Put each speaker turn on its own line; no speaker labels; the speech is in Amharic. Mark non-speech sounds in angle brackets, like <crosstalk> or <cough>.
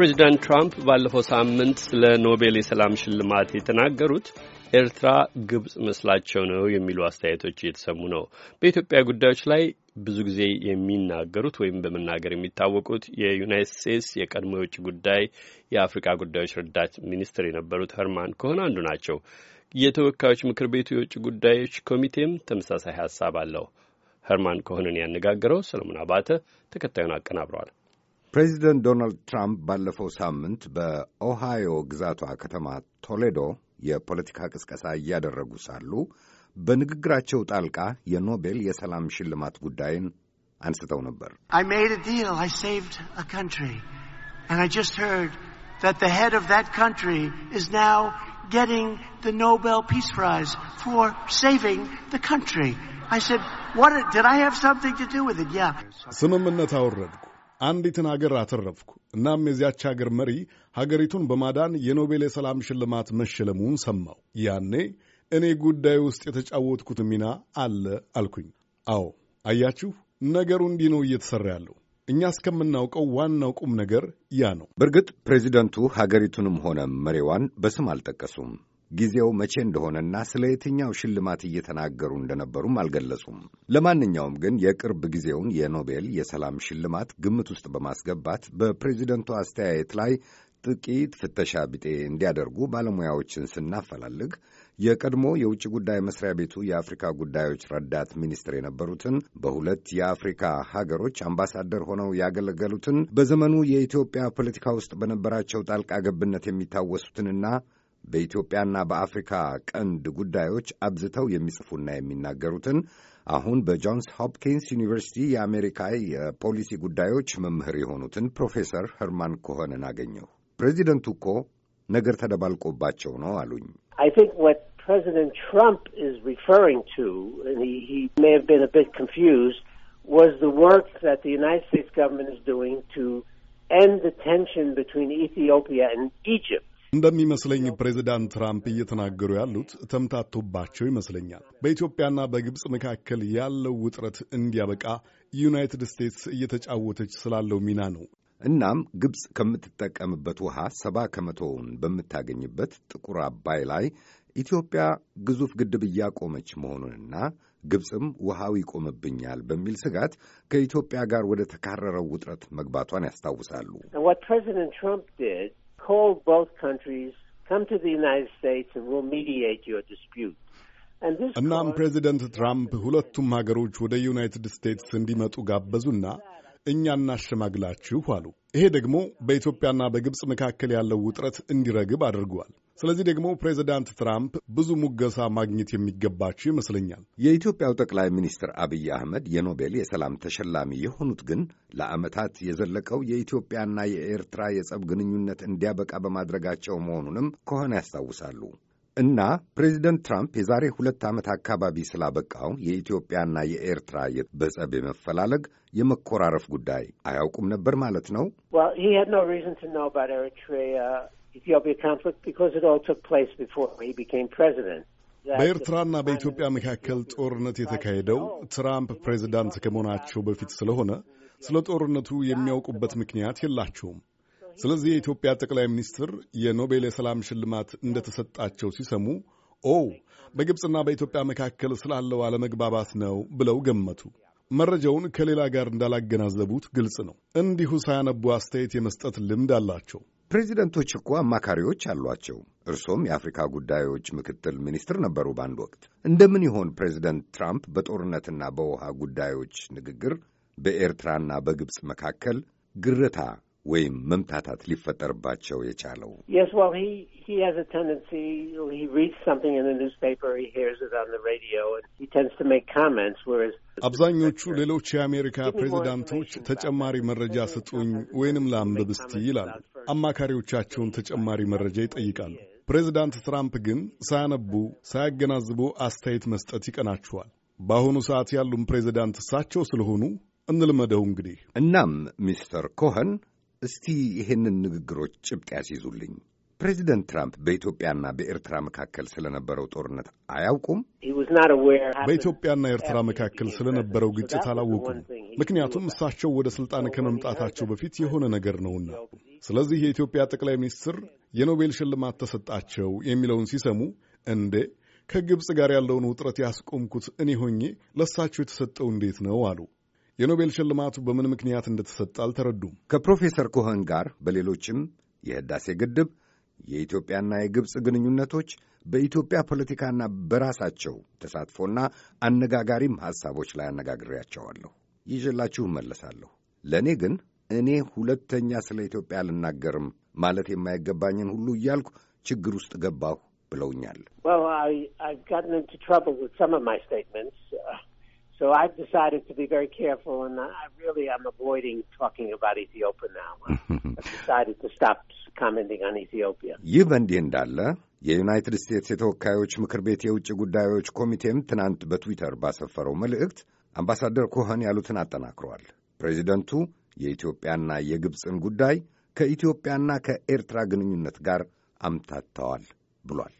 ፕሬዚዳንት ትራምፕ ባለፈው ሳምንት ስለ ኖቤል የሰላም ሽልማት የተናገሩት ኤርትራ ግብጽ መስላቸው ነው የሚሉ አስተያየቶች እየተሰሙ ነው። በኢትዮጵያ ጉዳዮች ላይ ብዙ ጊዜ የሚናገሩት ወይም በመናገር የሚታወቁት የዩናይትድ ስቴትስ የቀድሞ የውጭ ጉዳይ የአፍሪካ ጉዳዮች ረዳት ሚኒስትር የነበሩት ሄርማን ከሆነ አንዱ ናቸው። የተወካዮች ምክር ቤቱ የውጭ ጉዳዮች ኮሚቴም ተመሳሳይ ሀሳብ አለው። ሄርማን ኮሄንን ያነጋገረው ሰለሞን አባተ ተከታዩን አቀናብረዋል።
ፕሬዚደንት ዶናልድ ትራምፕ ባለፈው ሳምንት በኦሃዮ ግዛቷ ከተማ ቶሌዶ የፖለቲካ ቅስቀሳ እያደረጉ ሳሉ በንግግራቸው ጣልቃ የኖቤል የሰላም ሽልማት ጉዳይን አንስተው ነበር።
ስምምነት አወረድኩ አንዲትን አገር አተረፍኩ። እናም የዚያች አገር መሪ ሀገሪቱን በማዳን የኖቤል የሰላም ሽልማት መሸለሙን ሰማው ያኔ እኔ ጉዳይ ውስጥ የተጫወትኩት ሚና አለ አልኩኝ። አዎ አያችሁ፣ ነገሩ እንዲህ ነው እየተሠራ ያለው። እኛ እስከምናውቀው ዋናው ቁም ነገር
ያ ነው። በእርግጥ ፕሬዚደንቱ ሀገሪቱንም ሆነ መሪዋን በስም አልጠቀሱም። ጊዜው መቼ እንደሆነና ስለ የትኛው ሽልማት እየተናገሩ እንደነበሩም አልገለጹም። ለማንኛውም ግን የቅርብ ጊዜውን የኖቤል የሰላም ሽልማት ግምት ውስጥ በማስገባት በፕሬዚደንቱ አስተያየት ላይ ጥቂት ፍተሻ ቢጤ እንዲያደርጉ ባለሙያዎችን ስናፈላልግ የቀድሞ የውጭ ጉዳይ መስሪያ ቤቱ የአፍሪካ ጉዳዮች ረዳት ሚኒስትር የነበሩትን በሁለት የአፍሪካ ሀገሮች አምባሳደር ሆነው ያገለገሉትን በዘመኑ የኢትዮጵያ ፖለቲካ ውስጥ በነበራቸው ጣልቃ ገብነት የሚታወሱትንና በኢትዮጵያና በአፍሪካ ቀንድ ጉዳዮች አብዝተው የሚጽፉና የሚናገሩትን አሁን በጆንስ ሆፕኪንስ ዩኒቨርሲቲ የአሜሪካ የፖሊሲ ጉዳዮች መምህር የሆኑትን ፕሮፌሰር ሄርማን ኮኸንን አገኘሁ። ፕሬዚደንቱ እኮ ነገር ተደባልቆባቸው ነው አሉኝ።
President Trump is referring to, and he, he may have been a bit confused, was the work that the United States government is doing to end the tension between Ethiopia and Egypt.
እንደሚመስለኝ ፕሬዚዳንት ትራምፕ እየተናገሩ ያሉት ተምታቶባቸው ይመስለኛል። በኢትዮጵያና በግብፅ መካከል ያለው ውጥረት እንዲያበቃ
ዩናይትድ ስቴትስ እየተጫወተች ስላለው ሚና ነው። እናም ግብፅ ከምትጠቀምበት ውሃ ሰባ ከመቶውን በምታገኝበት ጥቁር አባይ ላይ ኢትዮጵያ ግዙፍ ግድብ እያቆመች መሆኑንና ግብፅም ውሃው ይቆምብኛል በሚል ስጋት ከኢትዮጵያ ጋር ወደ ተካረረው ውጥረት መግባቷን ያስታውሳሉ።
call both countries, come to the United States and we'll mediate your dispute. እናም
ፕሬዚደንት ትራምፕ ሁለቱም ሀገሮች ወደ ዩናይትድ ስቴትስ እንዲመጡ ጋበዙና እኛ እናሸማግላችሁ አሉ። ይሄ ደግሞ በኢትዮጵያና በግብፅ መካከል ያለው ውጥረት እንዲረግብ አድርጓል። ስለዚህ ደግሞ ፕሬዚዳንት ትራምፕ ብዙ
ሙገሳ ማግኘት የሚገባቸው ይመስለኛል። የኢትዮጵያው ጠቅላይ ሚኒስትር አብይ አህመድ የኖቤል የሰላም ተሸላሚ የሆኑት ግን ለዓመታት የዘለቀው የኢትዮጵያና የኤርትራ የጸብ ግንኙነት እንዲያበቃ በማድረጋቸው መሆኑንም ከሆነ ያስታውሳሉ። እና ፕሬዚደንት ትራምፕ የዛሬ ሁለት ዓመት አካባቢ ስላበቃው የኢትዮጵያና የኤርትራ በጸብ የመፈላለግ የመኮራረፍ ጉዳይ አያውቁም ነበር ማለት ነው።
Ethiopia conflict because it all took place before he became president. በኤርትራና
በኢትዮጵያ መካከል ጦርነት የተካሄደው ትራምፕ ፕሬዚዳንት ከመሆናቸው በፊት ስለሆነ ስለ ጦርነቱ የሚያውቁበት ምክንያት የላቸውም። ስለዚህ የኢትዮጵያ ጠቅላይ ሚኒስትር የኖቤል የሰላም ሽልማት እንደተሰጣቸው ሲሰሙ ኦ በግብፅና በኢትዮጵያ መካከል ስላለው አለመግባባት ነው ብለው ገመቱ። መረጃውን ከሌላ ጋር እንዳላገናዘቡት ግልጽ ነው። እንዲሁ ሳያነቡ አስተያየት የመስጠት ልምድ
አላቸው። ፕሬዚደንቶች እኮ አማካሪዎች አሏቸው። እርሶም የአፍሪካ ጉዳዮች ምክትል ሚኒስትር ነበሩ በአንድ ወቅት። እንደምን ይሆን ፕሬዚደንት ትራምፕ በጦርነትና በውሃ ጉዳዮች ንግግር በኤርትራና በግብፅ መካከል ግርታ ወይም መምታታት ሊፈጠርባቸው የቻለው? አብዛኞቹ
ሌሎች የአሜሪካ ፕሬዚዳንቶች ተጨማሪ መረጃ ስጡኝ ወይንም ለአንብብ እስቲ ይላሉ። አማካሪዎቻቸውን ተጨማሪ መረጃ ይጠይቃሉ። ፕሬዚዳንት ትራምፕ ግን ሳያነቡ ሳያገናዝቡ አስተያየት መስጠት ይቀናቸዋል። በአሁኑ ሰዓት ያሉም ፕሬዚዳንት እሳቸው
ስለሆኑ እንልመደው እንግዲህ። እናም ሚስተር ኮኸን እስቲ ይሄንን ንግግሮች ጭብጥ ያስይዙልኝ። ፕሬዚደንት ትራምፕ በኢትዮጵያና በኤርትራ መካከል ስለነበረው ጦርነት
አያውቁም። በኢትዮጵያና ኤርትራ መካከል ስለነበረው ግጭት አላወቁም። ምክንያቱም እሳቸው ወደ ሥልጣን ከመምጣታቸው በፊት የሆነ ነገር ነውና። ስለዚህ የኢትዮጵያ ጠቅላይ ሚኒስትር የኖቤል ሽልማት ተሰጣቸው የሚለውን ሲሰሙ እንዴ ከግብፅ ጋር ያለውን ውጥረት ያስቆምኩት እኔ ሆኜ ለእሳቸው የተሰጠው እንዴት ነው አሉ።
የኖቤል ሽልማቱ በምን ምክንያት እንደተሰጠ አልተረዱም። ከፕሮፌሰር ኮኸን ጋር በሌሎችም የህዳሴ ግድብ፣ የኢትዮጵያና የግብፅ ግንኙነቶች፣ በኢትዮጵያ ፖለቲካና በራሳቸው ተሳትፎና አነጋጋሪም ሐሳቦች ላይ አነጋግሬያቸዋለሁ። ይዤላችሁ እመለሳለሁ። ለእኔ ግን እኔ ሁለተኛ ስለ ኢትዮጵያ አልናገርም ማለት የማይገባኝን ሁሉ እያልኩ ችግር ውስጥ ገባሁ ብለውኛል።
So I've decided to be very careful, and I really am avoiding talking about Ethiopia now. <laughs> I've decided to stop commenting on Ethiopia.
ይህ በእንዲህ እንዳለ የዩናይትድ ስቴትስ የተወካዮች ምክር ቤት የውጭ ጉዳዮች ኮሚቴም ትናንት በትዊተር ባሰፈረው መልእክት አምባሳደር ኮኸን ያሉትን አጠናክረዋል። ፕሬዚደንቱ የኢትዮጵያና የግብፅን ጉዳይ ከኢትዮጵያና ከኤርትራ ግንኙነት ጋር አምታተዋል ብሏል።